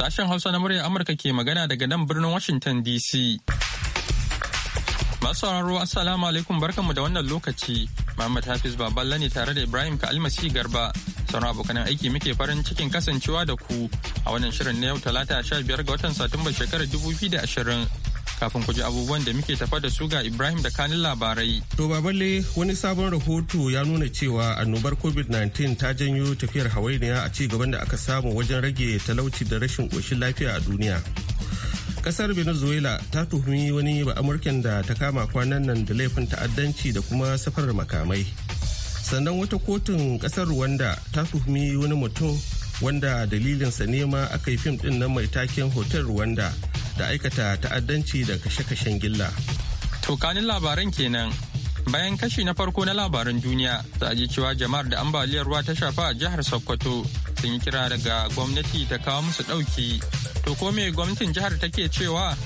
Sashen Hausa na muryar Amurka ke magana daga nan birnin Washington DC. Masu sauraro Assalamu alaikum barkanmu da wannan lokaci. Muhammad Hafiz Baballa ne tare da Ibrahim ka almasi Garba. Sauran abokanan aiki muke farin cikin kasancewa da ku a wannan shirin na yau talata 15 ga watan Satumba shekarar 2020. Kafin ku ji abubuwan da muke tafa da su ga Ibrahim da kanin labarai. To baballe wani sabon rahoto ya nuna cewa annobar COVID-19 ta janyo tafiyar hawainiya a ci gaban da aka samu wajen rage talauci da rashin ƙoshin lafiya a duniya. Kasar Venezuela ta tuhumi wani ba da ta kama kwanan nan da laifin ta'addanci da kuma safarar makamai. Sannan wata kotun kasar Rwanda ta tuhumi wani mutum wanda dalilinsa nema aka yi fim ɗin nan mai taken Hotel Rwanda da aikata ta'addanci da kashe-kashen gilla. Tokanin labaran kenan bayan kashi na farko na labaran duniya za a ji cewa jama'ar da ambaliyar ruwa ta shafa a jihar Sokoto sun yi kira daga gwamnati ta kawo musu ɗauki. To ko me gwamnatin jihar take cewa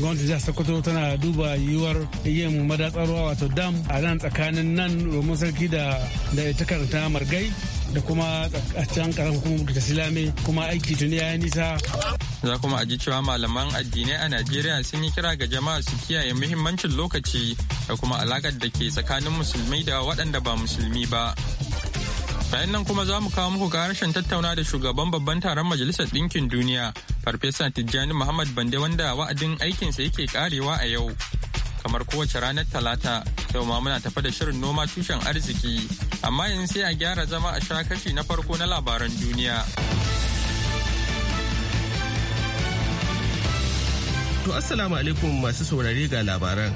gwamnatin jihar sokoto tana duba yiwuwar yin madatsarwa wato dam a nan tsakanin nan domin sarki da ita karanta margai da kuma can karan kuma da silame kuma aiki tuni ya nisa. Za kuma a ji cewa malaman addinai a Najeriya sun yi kira ga jama'a su kiyaye muhimmancin lokaci da kuma alakar da ke tsakanin musulmi da waɗanda ba musulmi ba. bayan nan kuma za mu kawo muku harshen tattauna da shugaban babban taron majalisar ɗinkin duniya farfesa tijjani muhammad bande wanda wa'adin aikinsa yake karewa a yau kamar kowace ranar talata yau ma muna tafa da shirin noma tushen arziki amma yanzu sai a gyara zama a sha na farko na labaran duniya. To assalamu alaikum masu saurare ga labaran.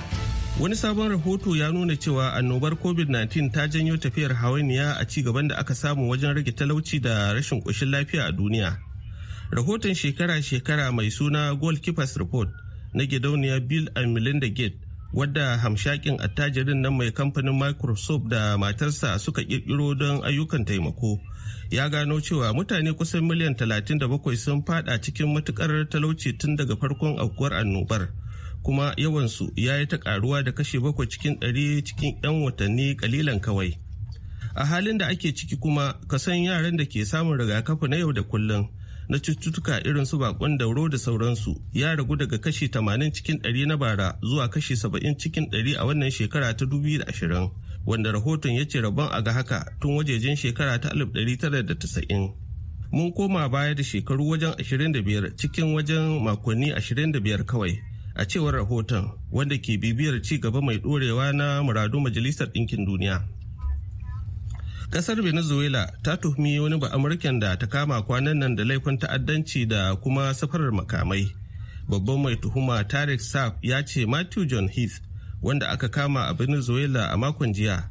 Wani sabon rahoto ya nuna cewa annobar COVID-19 ta janyo tafiyar hawainiya a ci gaban da aka samu wajen rage talauci da rashin ƙoshin lafiya a duniya. Rahoton shekara-shekara mai suna Goalkeepers Report na gidauniya Bill and Melinda Gates wadda hamshakin attajirin nan mai kamfanin microsoft da matarsa suka kirkiro don ayyukan taimako ya gano cewa mutane kusan miliyan 37 sun fada cikin matukar talauci tun daga farkon aukuwar annobar kuma yawansu ya yi ta karuwa da kashe bakwai cikin ɗari cikin 'yan watanni kalilan kawai a halin da ake ciki kuma kasan yaran da ke samun rigakafi na yau da kullum na cututtuka irin su bakon dauro da sauransu ya ragu daga kashi 80 cikin 100 na bara zuwa kashi 70 cikin 100 a wannan shekara ta 2020 wanda rahoton ya ce rabon a ga haka tun wajejen shekara ta 1990 mun koma baya da shekaru wajen 25 cikin wajen makonni 25 kawai a cewar rahoton wanda ke bibiyar ci gaba mai dorewa na muradu majalisar ɗinkin duniya Kasar Venezuela ta tuhumi wani ba da ta kama kwanan nan da laifin ta'addanci da kuma safarar makamai. Babban mai tuhuma Tarek Saab ya ce Matthew John Heath wanda aka kama a Venezuela a makon jiya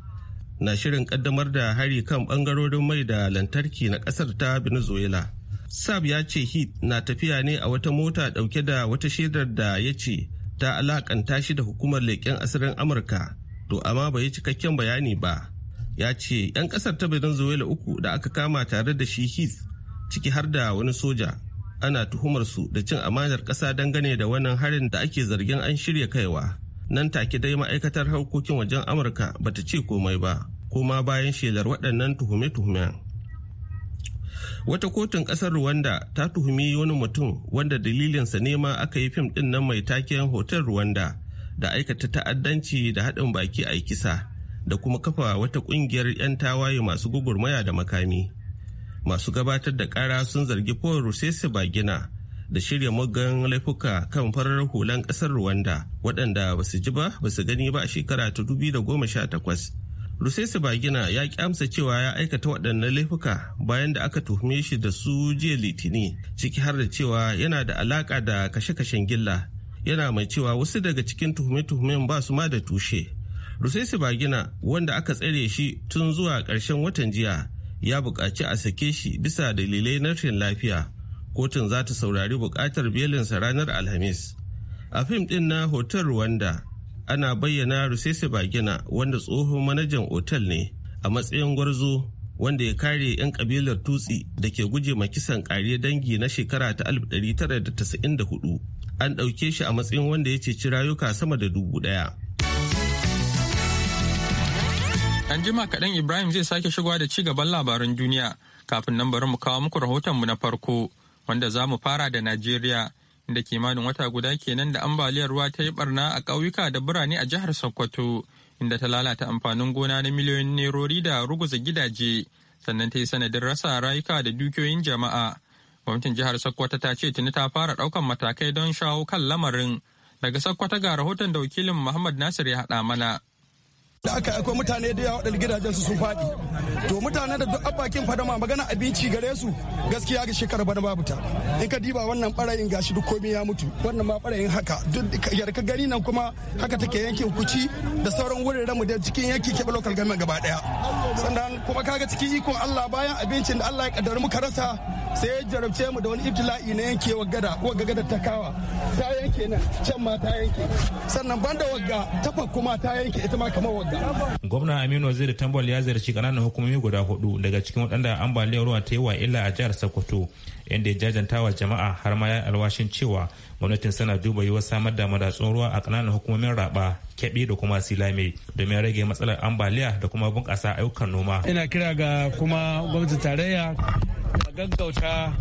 na shirin kaddamar da hari kan bangarorin mai da lantarki na kasar ta Venezuela. Saab ya ce Heath na tafiya ne a wata mota dauke da wata shaidar da ya ce ta alakanta shi da hukumar leƙen asirin Amurka to amma bai yi cikakken bayani ba. ya ce 'yan kasar ta venezuela uku da aka kama tare da shi His ciki har da wani soja ana tuhumar su da cin amanar ƙasa dangane da wannan harin da ake zargin an shirya kaiwa nan take dai ma'aikatar harkokin wajen amurka bata ce komai ba kuma bayan shelar waɗannan tuhume-tuhumen wata kotun ƙasar rwanda ta tuhumi wani mutum wanda dalilinsa ne ma aka yi fim ɗin nan mai taken hotel rwanda da aikata ta'addanci da haɗin baki a kisa da kuma kafa wata ƙungiyar 'yan tawaye masu gugurmaya da makami. Masu gabatar da ƙara sun zargi Paul Rusese Bagina da shirya muggan laifuka kan farar hulan ƙasar Rwanda waɗanda ba su ji ba ba su gani ba a shekara ta takwas. Rusese Bagina ya ki amsa cewa ya aikata waɗannan laifuka bayan da aka tuhume shi da su jiya litini ciki har da cewa yana da alaƙa da kashe-kashen gilla. Yana mai cewa wasu daga cikin tuhume-tuhumen ba su ma da tushe. rusesi bagina wanda aka tsare shi tun zuwa ƙarshen watan jiya ya buƙaci a sake shi bisa dalilai na rashin lafiya kotun za ta saurari buƙatar belinsa ranar alhamis a fim ɗin na hotel rwanda ana bayyana rusesi bagina wanda tsohon manajan otal ne a matsayin gwarzo wanda ya kare 'yan kabilar tutsi da ke guje ma kisan kare dangi na shekara ta 1994 an ɗauke shi a matsayin wanda ya ceci rayuka sama da dubu ɗaya. An jima kaɗan Ibrahim zai sake shigowa da ci gaban labaran duniya kafin nan bari mu kawo muku mu na farko wanda za mu fara da Najeriya inda kimanin wata guda kenan da ambaliyar ruwa ta yi barna a ƙauyuka da birane a jihar Sokoto inda ta lalata amfanin gona na miliyoyin nerori da ruguza gidaje sannan ta yi sanadin rasa rayuka da dukiyoyin jama'a. Gwamnatin jihar Sokoto ta ce tuni ta fara ɗaukan matakai don shawo kan lamarin. Daga Sokoto ga rahoton da wakilin Muhammad Nasir ya haɗa mana. da aka akwai mutane da yawa waɗanda gidajen su sun faɗi to mutane da duk abakin fadama magana abinci gare su gaskiya ga shekara bana babu ta in ka diba wannan barayin gashi duk komai ya mutu wannan ma barayin haka duk yarka gari nan kuma haka take yankin kuci da sauran wuraren mu da cikin yankin ke local government gaba daya sannan kuma kaga cikin ikon Allah bayan abincin da Allah ya kaddara muka rasa sai ya jarabce mu da wani ibtila'i na yanke gada wagga gadar ta kawa ta yanke nan can ma ta yanke sannan banda wagga tafa kuma ta yanke ita ma kamar wagga Gwamna Aminu Waziri Tambol ya ziyarci ƙananan hukumomi guda hudu daga cikin waɗanda ambaliyar ruwa ta yi wa illa a jihar Sokoto inda ya jajanta wa jama'a har ma ya alwashin cewa gwamnatin sana duba yiwuwar samar da madatsun ruwa a ƙananan hukumomin raba kebe da kuma silame domin rage matsalar ambaliya da kuma bunƙasa ayyukan noma. Ina kira ga kuma gwamnatin tarayya gaggauta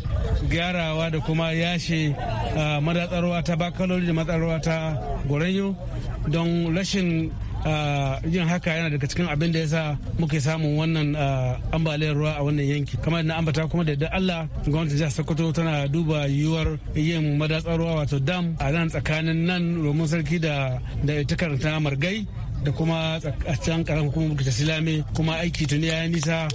gyarawa da kuma yashe ah, madatsarwa ta bakaloli da madatsarwa ta gorenyo don rashin yin ah, haka yana daga cikin abin da ya sa muke samun wannan ah, ambaliyar ruwa a wannan yanki kamar na ambata kuma da Allah gwamnatin jihar Sokoto tana duba yiwuwar yin madatsar ruwa wato dam a nan tsakanin nan romun sarki da da ita ta margai da kuma a can karan hukumar ta silame kuma aiki tuni ya nisa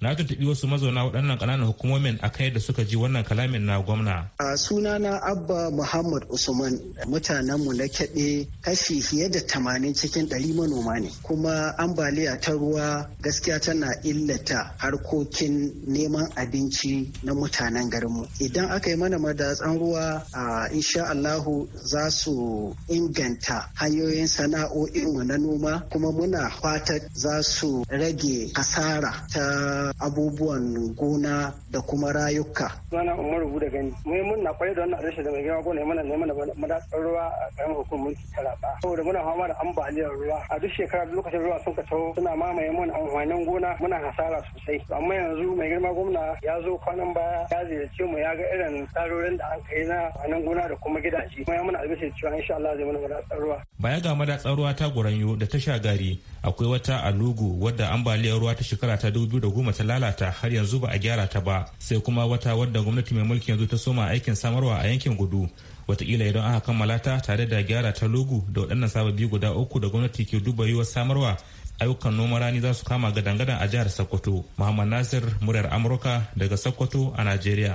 na tuntuɓi wasu mazauna waɗannan ƙananan hukumomin a kai da suka ji wannan kalamin na gwamna. a sunana abba muhammad usman mutanenmu na kyaɗe kashi fiye da tamanin cikin ɗari manoma ne kuma ambaliya ta ruwa gaskiya tana illata harkokin neman abinci na mutanen garinmu idan aka yi mana madatsan ruwa a insha allahu za su inganta hanyoyin sana'o'inmu na noma kuma muna fatar za su rage hasara ta abubuwan gona da kuma rayuka. Zana Umar Buda Gani, mun na kwaye da wannan rashin da mai gina gona mana neman madatsar ruwa a karamar hukumar mulki Taraba. Saboda muna fama da ambaliyar ruwa a duk shekara lokacin ruwa sun ka taho suna mamaye mun amfanin gona muna hasara sosai. Amma yanzu mai girma gwamna ya zo kwanan baya ya ziyarci mu ya ga irin tsarorin da an kai na amfanin gona da kuma gidaje. Kuma ya muna albishin cewa insha Allah zai mana madatsar ruwa. Baya ga madatsar ruwa ta Goranyo da ta gari akwai wata a Lugu wadda ambaliyar ruwa ta shekara ta 2010 ta lalata har yanzu ba a gyara ta ba sai kuma wata wadda gwamnati mai mulki yanzu ta soma aikin samarwa a yankin gudu watakila idan aka kammala ta tare da gyara ta lugu da waɗannan sababi guda uku da gwamnati ke duba yiwa samarwa ayyukan noman rani za su kama gadan-gadan a jihar sokoto muhammad nasir muryar amurka daga sokoto a najeriya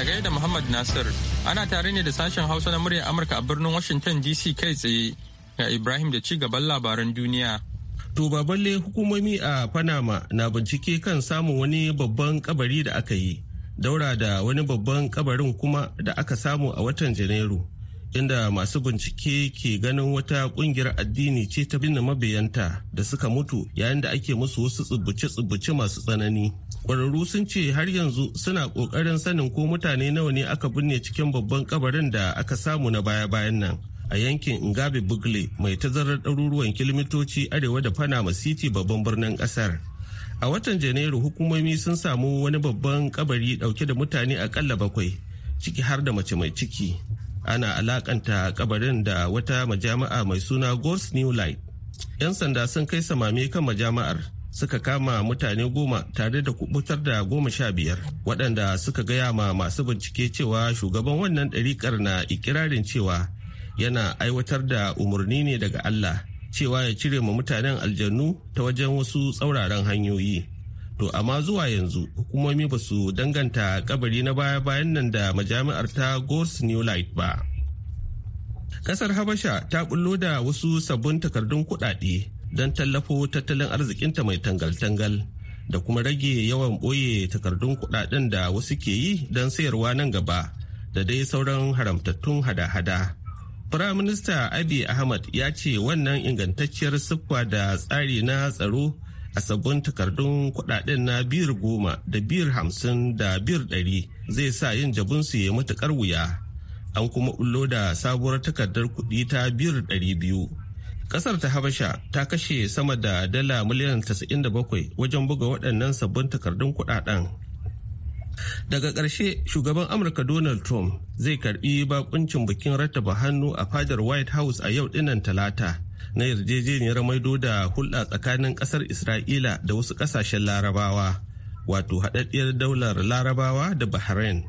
a gaida muhammad nasir ana tare ne da sashen hausa na muryar amurka a birnin washington dc kai tsaye ga ibrahim da ci gaban labaran duniya To baballe hukumomi a Panama na bincike kan samun wani babban kabari da aka yi, daura da wani babban kabarin kuma da aka samu a watan Janairu, inda masu bincike ke ganin wata kungiyar addini ce ta binne mabiyanta da suka mutu yayin da ake musu wasu tsibbice tsubuce masu tsanani. Ƙwararru sun ce har yanzu suna ƙoƙarin sanin ko mutane nawa ne aka binne cikin babban kabarin da aka samu na baya-bayan nan. a yankin Ngabe Bugle mai tazarar ɗaruruwan kilomitoci arewa da Panama City babban birnin ƙasar. A watan Janairu hukumomi sun samu wani babban kabari ɗauke da mutane akalla bakwai ciki har da mace mai ciki. Ana alakanta kabarin da wata majama'a mai suna ghost New Light. 'Yan sanda sun kai samame kan majama'ar suka kama mutane goma tare da kubutar da goma sha biyar waɗanda suka gaya ma masu bincike cewa shugaban wannan ɗarikar na ikirarin cewa yana aiwatar da umarni ne daga Allah cewa ya cire ma mutanen aljannu ta wajen wasu tsauraran hanyoyi. To amma zuwa yanzu hukumomi ba su danganta kabari na baya-bayan nan da majami'ar ta Gors New Light ba. Kasar Habasha ta bullo da wasu sabbin takardun kuɗaɗe don tallafo tattalin arzikinta mai tangal-tangal da kuma rage yawan ɓoye takardun kuɗaɗen da wasu ke yi don sayarwa nan gaba da dai sauran haramtattun hada-hada. Firaminista Abiy Ahmad ya ce wannan ingantacciyar siffa da tsari na tsaro a sabbin takardun kudaden na biyar goma da biyar hamsin da biyar dari zai sa yin jabinsu ya matuƙar wuya. An kuma ullo da sabuwar takardar kuɗi ta biyar dari biyu. Ƙasar ta Habasha ta kashe sama da dala miliyan 97 wajen buga waɗannan sabbin takardun kuɗaɗen. Daga ƙarshe shugaban Amurka Donald Trump zai karbi bakuncin bikin rattaba hannu a fadar White House a yau dinnan talata na yarjejeniyar maido da hulɗa tsakanin ƙasar Isra'ila da wasu ƙasashen larabawa, wato haɗaɗɗiyar daular larabawa da Bahrain.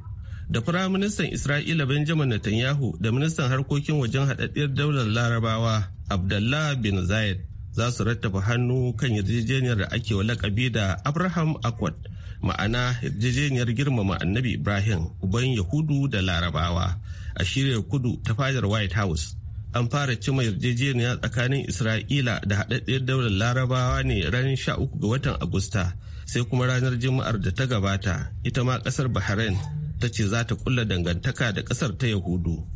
Da Firaministan Isra'ila Benjamin Netanyahu da Ministan Harkokin Wajen Haɗaɗɗiyar Daular Larabawa Abdullah bin Zayed za su rattaba hannu kan yarjejeniyar da ake wa lakabi da Abraham Accord ma'ana yarjejeniyar girmama annabi ibrahim uban yahudu da larabawa a shirya kudu ta fadar white house an fara cima yarjejeniya tsakanin isra'ila da haɗaɗɗiyar daular larabawa ne ranar 13 ga watan agusta sai kuma ranar juma'ar da ta gabata ita ma ƙasar bahrain ta ce za ta kulla dangantaka da ƙasar ta yahudu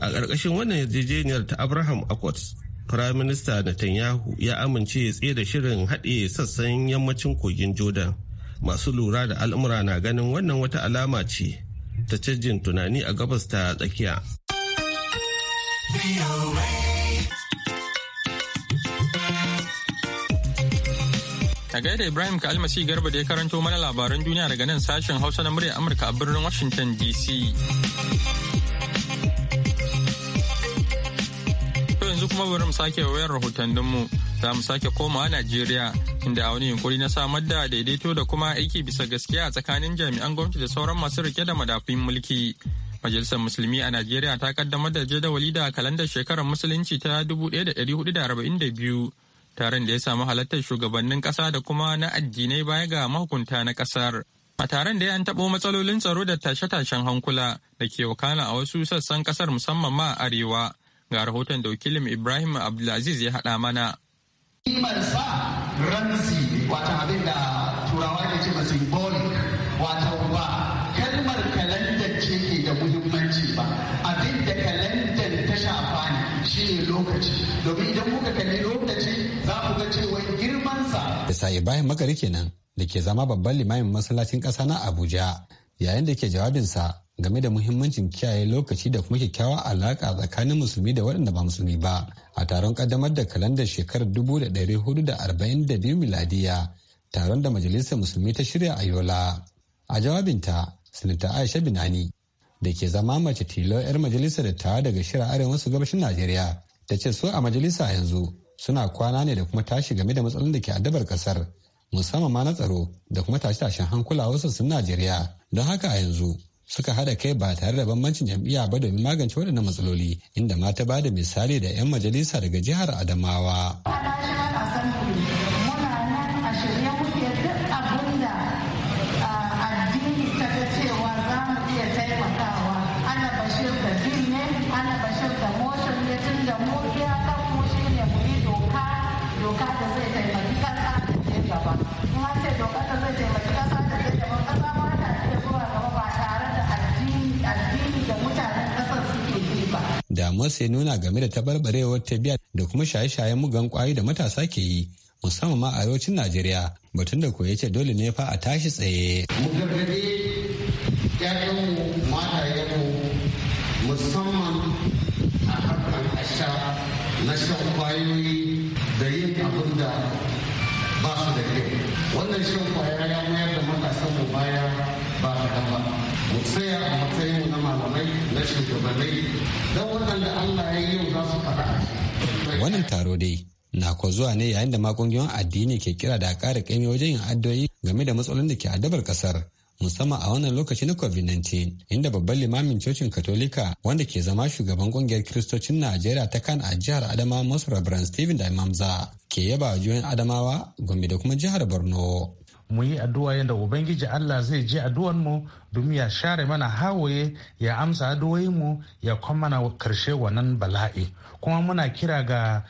a ƙarƙashin wannan yarjejeniyar ta abraham accords prime minister netanyahu ya amince ya tsaye da shirin haɗe sassan yammacin kogin jordan masu lura da al'umura na ganin wannan wata alama ce ta cajin tunani a gabas ta tsakiya A gaida Ibrahim ka almasi garba da ya karanto mana labaran duniya daga nan sashen Hausa na murya Amurka a birnin Washington DC. kuma bari mu sake wayar rahotanninmu za mu sake komawa Najeriya inda a wani yunkuri na samar da daidaito da kuma aiki bisa gaskiya tsakanin jami'an gwamnati da sauran masu rike da madafin mulki. Majalisar Musulmi a Najeriya ta kaddamar da jadawali da kalandar shekarar Musulunci ta 1442 taron da ya samu halartar shugabannin ƙasa da kuma na addinai baya ga mahukunta na kasar. A taron da ya an taɓo matsalolin tsaro da tashe-tashen hankula da ke wakana a wasu sassan ƙasar musamman ma a arewa ga rahoton da wakilin Ibrahim Abdulaziz ya haɗa mana. Kimarsa ramsi wata abin da turawa ke ce ba symbolic wata ba kalmar kalandar ce ke da muhimmanci ba abin da kalandan ta shafa ne shi ne lokaci domin idan muka kalli lokaci za mu ga cewar girmansa. Da sa Ibrahim Magari kenan da ke zama babban limamin masallacin ƙasa na Abuja yayin da ke jawabinsa game da muhimmancin kiyaye lokaci da kuma kyakkyawa alaka tsakanin musulmi da waɗanda ba musulmi ba a taron kaddamar da kalandar shekarar 1442 miladiya taron da majalisar musulmi ta shirya a yola a jawabinta sanata aisha binani da ke zama mace tilo 'yar majalisar dattawa daga shirin arewa masu gabashin najeriya ta ce su a majalisa yanzu suna kwana ne da kuma tashi game da matsalolin da ke addabar kasar musamman ma na tsaro da kuma tashe-tashen hankula wasu sun najeriya don haka a yanzu suka haɗa kai ba tare da bambancin jam'iyya ba domin magance waɗannan matsaloli inda mata ta da misali da 'yan majalisa daga jihar adamawa. masu ya nuna game da tabarbarewar tabiya da kuma shaye-shayen mugan kwayoyi da matasa ke yi musamman ma a yawancin najeriya batun da ko ce dole ne fa a tashi tsaye musamman a harkar asha na shan kwayoyi da yin abin da ba su da kyau wannan shan kwaya ya mayar da matasan mu baya ba kaɗan ba mu tsaya a matsayin na malamai na shugabanni Wannan taro dai na ko zuwa ne yayin da magungunan addini ke kira da kare ƙaimi wajen yin addu'o'i game da matsalolin da ke addabar ƙasar musamman a wannan lokaci na covid-19 inda babban limamin cocin katolika wanda ke zama shugaban kungiyar kiristocin najeriya ta kan a jihar adama masu rabran steven da imamza ke yaba juyin adamawa gombe da kuma jihar borno mu yi addu'a yadda ubangiji allah zai je addu'an mu domin ya share mana hawaye ya amsa addu'o'in mu ya kuma mana karshe wannan bala'i kuma muna kira ga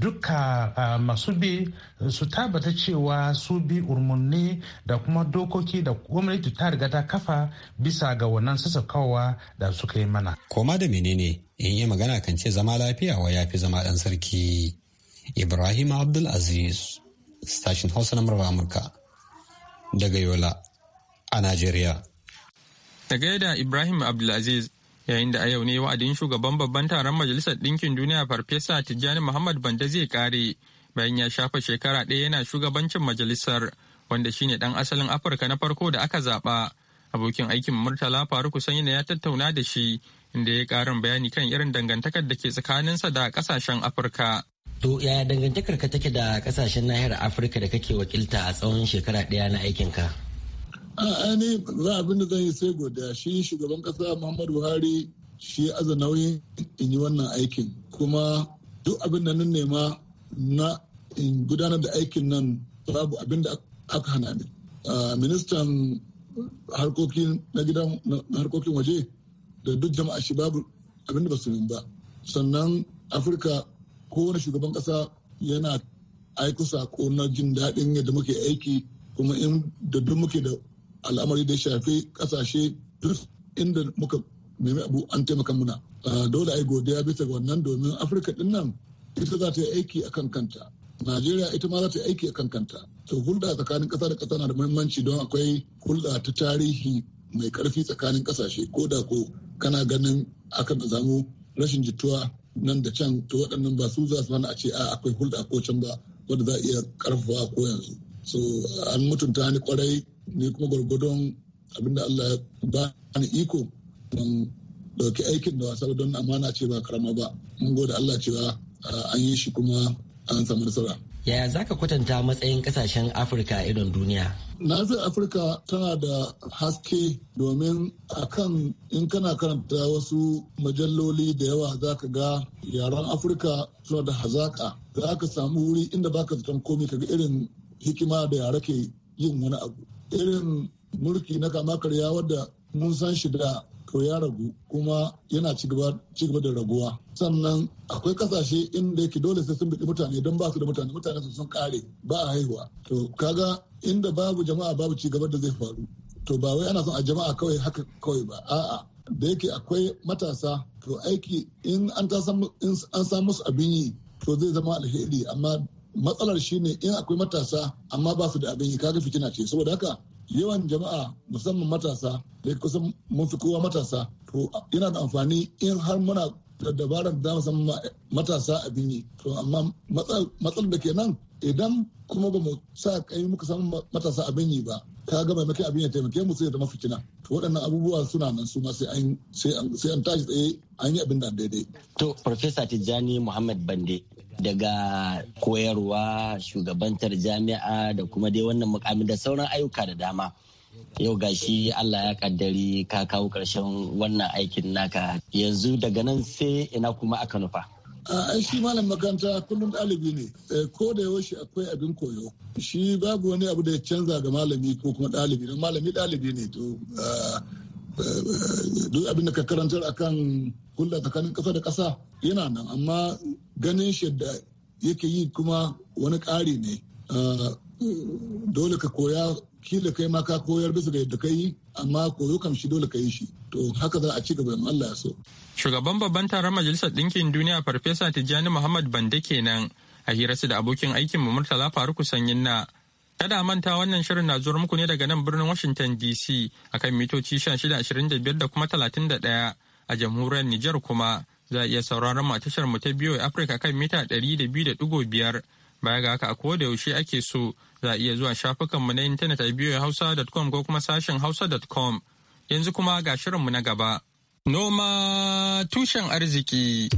duka masu bi su tabbata cewa su bi urmunni da kuma dokoki da gwamnati ta riga ta kafa bisa ga wannan sassaukawa da suka yi mana koma da menene in yi magana kan ce zama lafiya wa ya fi zama dan sarki ibrahim abdulaziz sashin hausa na amurka daga Yola a Najeriya. Ta gaida Ibrahim Abdulaziz yayin da a yau ne wa'adin shugaban babban taron Majalisar Ɗinkin Duniya Farfesa Tijjani Muhammad Banda zai kare bayan ya shafa shekara ɗaya yana shugabancin majalisar wanda shine ɗan asalin Afirka na farko da aka zaɓa. Abokin aikin Murtala Faruku Sanyina ya tattauna da shi inda ya yi ƙarin bayani kan irin dangantakar da ke tsakaninsa da ƙasashen Afirka. To yaya dangantakar ka take da kasashen nahiyar Afirka da kake wakilta a tsawon shekara ɗaya na aikinka? A ne za abin da zan yi sai godiya shi shugaban kasa Muhammadu Buhari shi aza nauyin in yi wannan aikin kuma duk abin da nan nema na in gudanar da aikin nan babu abin da aka hana ni. Ah, ministan harkokin na gidan harkokin waje da duk jama'a shi babu abin da ba su ba. Sannan Afirka kowane shugaban kasa yana aiko sako na jin daɗin yadda muke aiki kuma in da duk muke da al'amari da shafi kasashe duk inda muka nemi abu an taimaka muna dole a yi godiya bisa wannan domin afirka din nan ita za ta yi aiki a kan kanta najeriya ita ma za ta yi aiki a kan kanta to hulɗa tsakanin ƙasa da ƙasa na da muhimmanci don akwai hulɗa ta tarihi mai ƙarfi tsakanin ƙasashe ko da ko kana ganin akan samu rashin jituwa nan da can to waɗannan ba su za su hana a ce a akwai hulɗa ko can ba wanda za a iya karfafa ko yanzu so an mutunta ni kwarai ni kuma gwargwadon abinda Allah ya ba ni iko don dauki aikin da wasa don amana ce ba karama ba mun gode Allah cewa an yi shi kuma an samu nasara yaya za ka kwatanta matsayin kasashen afirka a idon duniya na zai afirka tana da haske domin akan in kana karanta wasu majalloli da yawa za ka ga yaren afirka suna da hazaka za ka samu wuri inda baka zaton komi ga irin hikima da yare ke yin wani abu irin mulki na kama karya wadda mun san shi da to ya ragu kuma yana cigaba da raguwa sannan akwai kasashe inda yake dole sai sun biɗi mutane don ba su da mutane mutane su sun kare ba a haihuwa to kaga inda babu jama'a babu cigaba da zai faru to ba wai ana son a jama'a kawai haka kawai ba a'a da yake akwai matasa to aiki in an samu su abin yi to zai zama alheri amma matsalar shine in akwai matasa amma ba su da abin yi kaga fitina ce saboda haka yawan jama'a musamman matasa da kusan mun kowa matasa to yana da amfani in har muna da dabarar da mu matasa abin yi to amma matsal da ke nan idan kuma ba mu sa kai muka samu matasa abin yi ba ka ga maimakon abin ya taimake mu sai da kina to waɗannan abubuwa suna nan su ma sai an tashi tsaye an yi abin da daidai to farfesa tijjani muhammad bande daga koyarwa shugabantar jami'a da kuma dai wannan mukamin da sauran ayyuka da dama yau gashi Allah ya kaddari ka kawo ƙarshen wannan aikin naka yanzu daga nan sai ina kuma aka nufa a shi malam makaranta kullum ɗalibi ne eh, ko da yaushe akwai abin koyo shi babu wani abu da ya canza ga malami ko kuma ɗalibi don malami ɗalibi ne to duk abin da ka karantar akan hulɗa tsakanin ƙasa da ƙasa yana nan amma ganin shi da yake yi kuma wani ƙari ne dole ka koya kila kai ma ka koyar bisa ga yadda kai amma koyo kam shi dole ka yi shi to haka za a ci gaba in Allah ya so. Shugaban babban taron majalisar ɗinkin duniya Farfesa Tijjani Muhammad Bande kenan a su da abokin aikin mu Murtala Faruku Sanyin na Kada manta wannan shirin na zuwa muku ne daga nan birnin Washington DC akan mitoci 1625 da kuma 31 a jamhuriyar Nijar kuma za a iya sauraron mu tashar mu ta biyo Afirka kan mita biyar. baya ga haka a da yaushe ake so za a iya zuwa shafukan mu na intanet a Hausa.com ko kuma sashen hausa.com yanzu kuma ga shirin mu na gaba. Noma tushen arziki.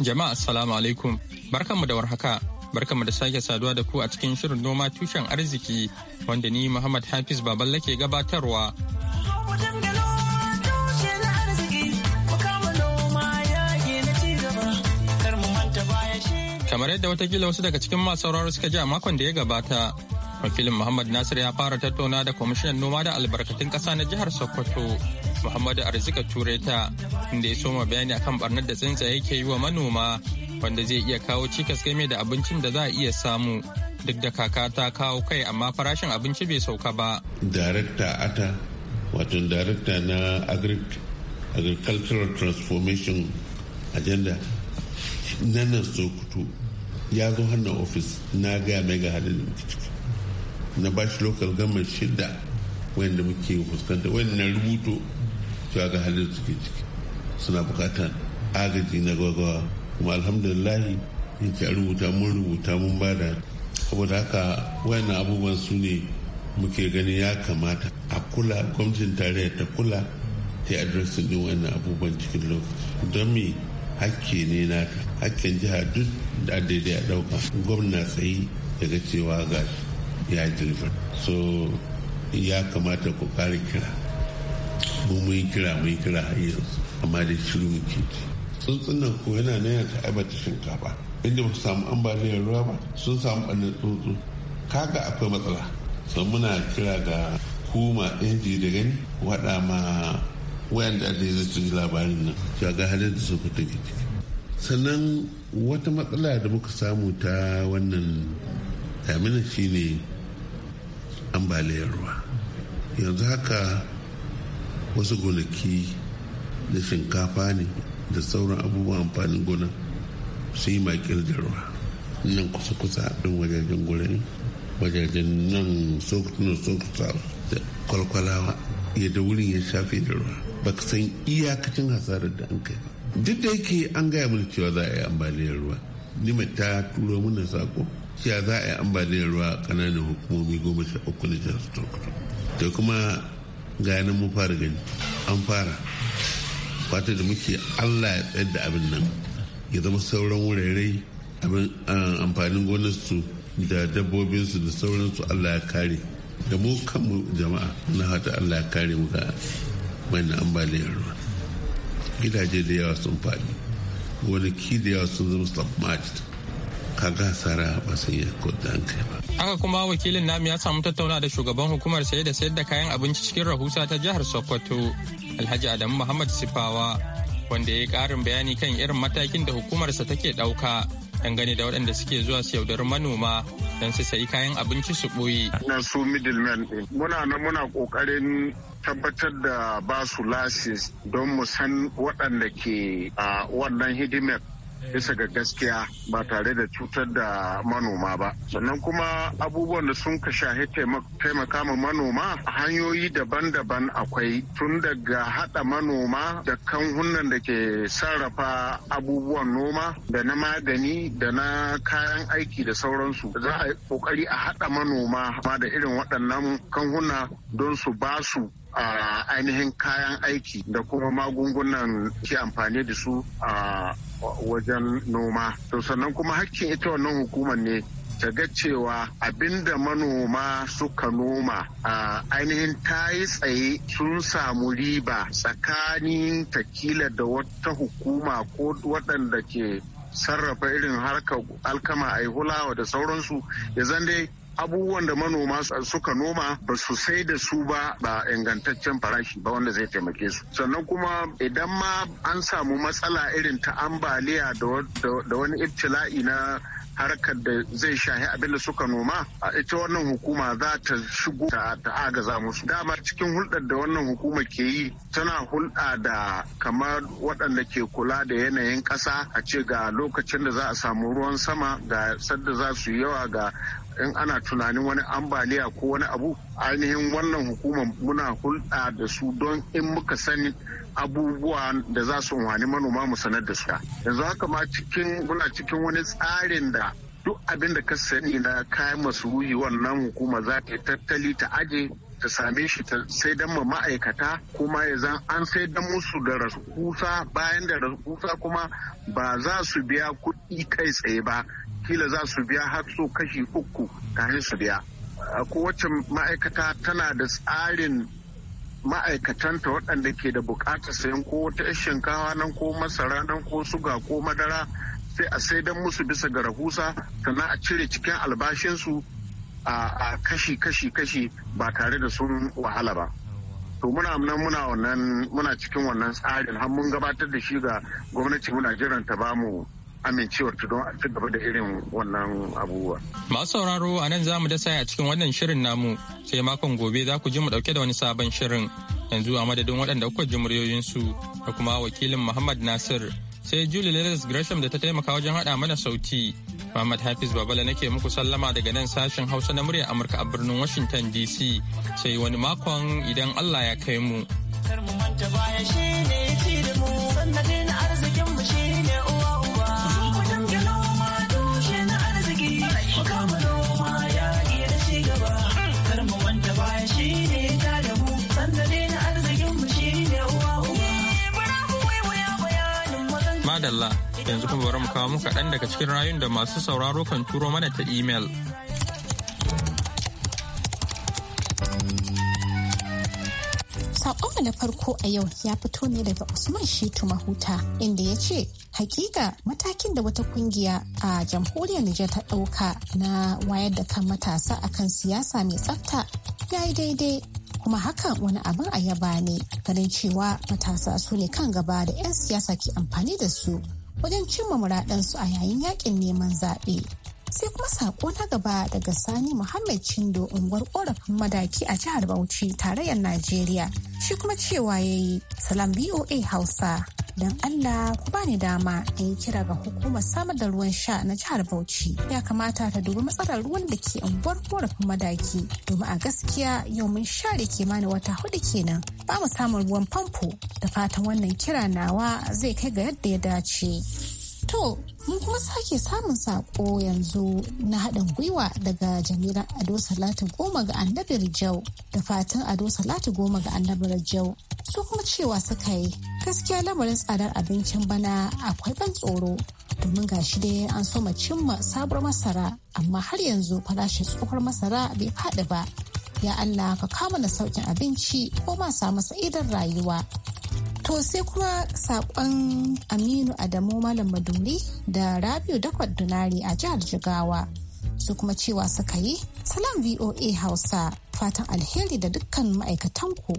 Jama'a assalamu alaikum. Barkanmu da warhaka. Barkamu da sake saduwa da ku a cikin shirin noma tushen arziki wanda ni Muhammad Hafiz Baballe ke gabatarwa. Kamar yadda gila wasu daga cikin masu sauraro suka ji a makon da ya gabata, wakilin Muhammad Nasir ya fara tattauna da kwamishinan noma da albarkatun ƙasa na jihar Sokoto. Muhammadu Arzika ta inda ya soma bayani akan barnar da tsuntsaye yake yi wa manoma wanda zai iya kawo cikas game da abincin da za a iya samu duk da kaka ta kawo kai amma farashin abinci bai sauka ba. Darekta Ata wato darekta na Agricultural Transformation Agenda nan Sokoto ya zo hannun ofis na gaya mai ga halin na bashi local government shida wanda muke fuskanta wanda na rubuto cewa ga halin da suke ciki suna bukatar agaji na gwagwa kuma alhamdulillah in ce rubuta mun rubuta mun bada saboda haka wayannan abubuwan su ne muke gani ya kamata a kula gwamnatin tarayya ta kula ta adresin din wayannan abubuwan cikin lokaci don me hakke ne na hakken jiha duk da daidai a dauka gwamna tsayi daga cewa ga ya jirgin so ya kamata ku kare kira mu mun kira mun kira har yanzu amma da shiru muke ji tsuntsunan ko yana nan ya ta'aibata shinkafa inda ba su samu ambaliyar ruwa ba sun samu ɓannan tsuntsu kaga akwai matsala sun muna kira ga kuma inji da gani waɗa ma wayan da ake zai labarin nan ga halin da sun fita gidi sannan wata matsala da muka samu ta wannan damina shine ambaliyar ruwa yanzu haka wasu gonaki da shinkafa ne da sauran abubuwan amfanin gona su yi makil da ruwa nan kusa-kusa ɗin wajajen gurin wajajen nan sokutunan sokuta da kwalkwalawa yadda wurin ya shafe da ruwa ba ka san iyakacin hasarar da an kai ba duk da yake an gaya mana cewa za a yi ambaliyar ruwa nima ta turo mana sako cewa za a yi ambaliyar ruwa a ƙananan hukumomi goma sha uku na jihar sokoto da kuma ganin mu fara gani an fara fata da muke allah ya tsayar da abin nan ya zama sauran wurare abin amfanin gonarsu da dabbobinsu da sauransu allah ya kare da mu kanmu jama'a na hata allah ya kare mu ga wani ambaliyar ruwa gidaje da yawa sun faɗi gonaki da yawa sun zama submerged Ka hasara ba sai ya kodda ba. Haka kuma wakilin namu ya samu tattauna da shugaban hukumar saye da sayar da kayan abinci cikin rahusa ta jihar Sokoto Alhaji Adamu Muhammad Sifawa wanda ya yi ƙarin bayani kan irin matakin da hukumarsa take ɗauka dangane da waɗanda suke zuwa su yaudari manoma don su sayi kayan abinci su boye Na su middlemen muna na muna ƙoƙarin tabbatar da ba su lasis don mu san waɗanda ke a wannan hidimar bisa ga gaskiya ba tare da cutar da manoma ba sannan kuma abubuwan da sun ka shahi taimaka ma manoma hanyoyi daban-daban akwai tun daga hada manoma da kanhunan da ke sarrafa abubuwan noma da na magani da na kayan aiki da sauransu za a yi kokari a hada manoma ma da irin waɗannan kanhuna don su ba su a ainihin kayan aiki da kuma magungunan ke amfani da su a wajen noma to sannan kuma hakkin ita wannan hukumar ne ta ga cewa abinda manoma suka noma a ainihin ta yi tsaye sun samu riba tsakanin takila da wata hukuma ko waɗanda ke sarrafa irin harkar alkama a hulawa da sauransu ya zan dai abubuwan da manoma suka noma ba su sai da su ba ba ingantaccen farashi ba wanda zai taimake su sannan kuma idan ma an samu matsala irin ta ambaliya da wani ibtila'i na harkar da zai shahi abin da suka noma a ita wannan hukuma za ta shigo ta agaza musu dama cikin hulɗar da wannan hukuma ke yi tana hulɗa da kamar waɗanda ke kula da yanayin ƙasa a ce ga lokacin da za a samu ruwan sama ga sadda za su yawa ga in ana tunanin wani ambaliya ko wani abu ainihin wannan hukuma muna hulɗa da su don in muka sani abubuwa da za su wani manoma mu sanar da su yanzu haka ma cikin muna cikin wani tsarin da duk abin da ka sani na kayan masuruhi wannan hukuma za ta tattali ta aje ta same shi ta sai dan ma ma'aikata kuma ya zan an sai dan musu da rahusa bayan da rahusa kuma ba za su biya kuɗi kai tsaye ba kila za su biya har so kashi uku kafin su biya kowace ma'aikata tana da tsarin ma'aikatanta waɗanda ke da buƙatar sayan ko wata shinkawa nan ko masara nan ko suga ko madara sai a sai saidan musu bisa ga rahusa sannan a cire cikin albashinsu a kashi kashi kashi ba tare da sun wahala ba to muna nan muna wannan muna cikin wannan tsarin har mun gabatar da shi ga gwamnati muna jiran ta bamu amincewar ta don ci gaba da irin wannan abubuwa. Masu sauraro a nan za mu dasa a cikin wannan shirin namu sai makon gobe za ku ji mu ɗauke da wani sabon shirin yanzu a madadin waɗanda kuka ji muryoyinsu da kuma wakilin Muhammad Nasir sai Julie Lewis Gresham da ta taimaka wajen haɗa mana sauti. Muhammad Hafiz Babala nake muku sallama daga nan sashen Hausa na muryar Amurka a birnin Washington DC sai wani makon idan Allah ya kai mu. Kar mu manta baya shi ne ci da mu madalla yanzu kuma bari mu kawo muku kaɗan daga cikin rayun da masu sauraro kan turo mana ta imel. Sakonmu na farko a yau ya fito ne daga Usman Shitu Mahuta inda ya ce hakika matakin da wata kungiya a jamhuriyar Nijar ta ɗauka na wayar da kan matasa akan siyasa mai tsafta ya yi daidai kuma hakan wani abin a yaba ne ganin cewa matasa su ne kan gaba da 'yan siyasa ke amfani da su wajen cimma muradansu a yayin yakin neman zaɓe. sai kuma sako na gaba daga sani muhammad chindo unguwar korafin madaki a jihar bauchi tarayyar najeriya shi kuma cewa ya yi salam voa hausa don allah ku bani dama in yi kira ga hukumar samar da ruwan sha na jihar bauchi ya kamata ta dubi matsalar ruwan da ke unguwar korafin madaki domin a gaskiya yau mun share da kimanin wata hudu kenan ba mu samun ruwan famfo da fatan wannan kira nawa zai kai ga yadda ya dace. To, mun kuma sake samun sako yanzu na haɗin gwiwa daga jami'an Ado Salatu Goma ga Annabi Rijau da fatan Ado Salatu Goma ga Annabi Rijau. Su kuma cewa suka yi gaskiya lamarin tsadar abincin bana akwai ban tsoro domin ga shi dai an so ma cimma sabuwar masara amma har yanzu farashin tsohuwar masara bai faɗi ba. Ya Allah ka kama da sauƙin abinci ko ma samu sa'idar rayuwa. To sai kuma saƙon Aminu Adamu Malam Maduri da Rabiu Dakwad Dunari a jihar Jigawa. Su kuma cewa suka yi, Salam VOA Hausa fatan alheri da dukkan ma'aikatan ku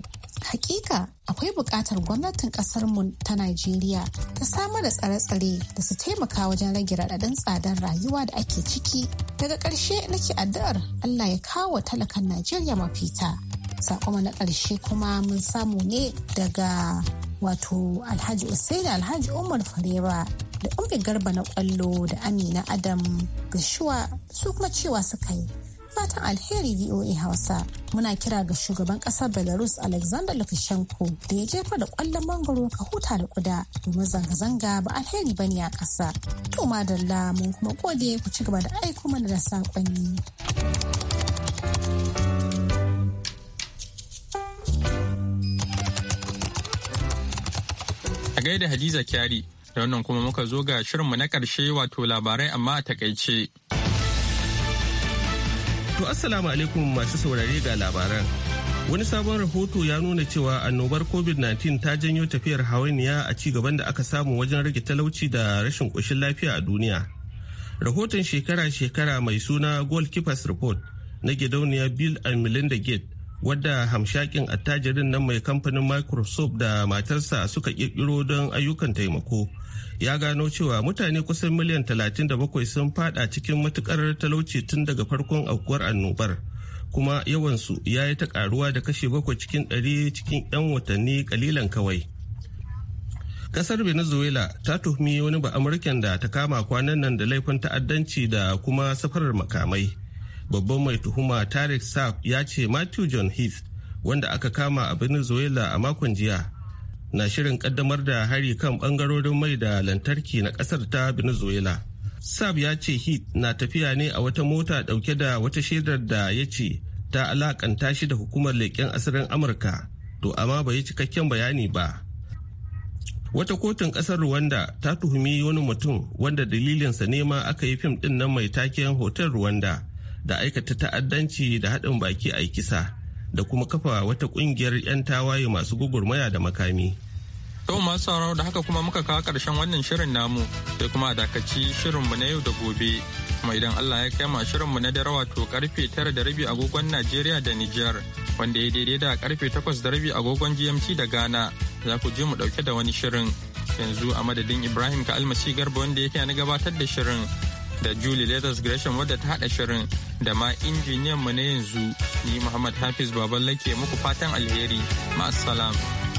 Hakika akwai buƙatar gwamnatin mu ta Najeriya ta samar da tsare-tsare da su taimaka wajen rage raɗaɗin tsadar rayuwa da ake ciki. Daga ƙarshe nake addu'ar Allah ya kawo talakan Najeriya mafita. sakoma na ƙarshe kuma mun samu ne daga wato alhaji usaini alhaji umar fareba da umbe garba na kwallo da amina adam shuwa su kuma cewa suka yi fatan alheri voa hausa muna kira ga shugaban kasar belarus alexander lukashenko da ya jefa da kwallon mangoro ka huta da kuda domin zanga-zanga ba alheri bane a kasa to madalla mun kuma gode ku ci gaba da aiko mana da saƙonni. gai gaida Hadiza Kyari, da wannan kuma muka zo ga shirinmu na ƙarshe wato labarai amma a takaice. To Assalamu alaikum masu saurare ga labaran. Wani sabon rahoto ya nuna cewa annobar COVID-19 ta janyo tafiyar hawainiya a ci gaban da aka samu wajen rage talauci da rashin ƙoshin lafiya a duniya. Rahoton shekara-shekara mai suna Goalkeepers Report na gidauniya Bill and Melinda Gates wadda hamshakin attajirin nan mai kamfanin microsoft da matarsa suka kirkiro don ayyukan taimako ya gano cewa mutane kusan miliyan 37 sun fada cikin matukar talauci tun daga farkon aukuwar annobar kuma yawansu ya yi ta karuwa da kashe bakwai cikin ɗari cikin 'yan watanni kalilan kawai kasar venezuela ta tuhumi wani ba amurken da ta kama kwanan nan da laifin ta'addanci da kuma safarar makamai babban mai tuhuma tarik saab ya ce matthew john heath wanda aka kama a venezuela a makon jiya na shirin kaddamar da hari kan bangarorin mai da lantarki na kasar ta venezuela saab ya ce heath na tafiya ne a wata mota dauke da wata shaidar da ya ce ta alakanta shi da hukumar leƙen asirin amurka to amma bai yi cikakken bayani ba wata kotun ƙasar rwanda ta tuhumi wani mutum wanda dalilinsa nema aka yi fim din nan mai taken hotel rwanda da aikata ta'addanci da haɗin baki a kisa da kuma kafa wata ƙungiyar 'yan tawaye masu gugurmaya da makami. Yau masu sauraro da haka kuma muka kawo ƙarshen wannan shirin namu sai kuma a dakaci shirinmu na yau da gobe. Kuma idan Allah ya kai shirinmu na dare wato karfe tara da rabi agogon Najeriya da Nijar wanda ya daidai da karfe takwas da rabi agogon GMT da Ghana za ku je mu ɗauke da wani shirin. Yanzu a madadin Ibrahim ka almasi garba wanda ya yake na gabatar da shirin da Julie Letters Gresham wadda ta haɗa shirin da ma injiniyan mu na yanzu ni Muhammad Hafiz Baballe ke muku fatan alheri. Ma'assalam.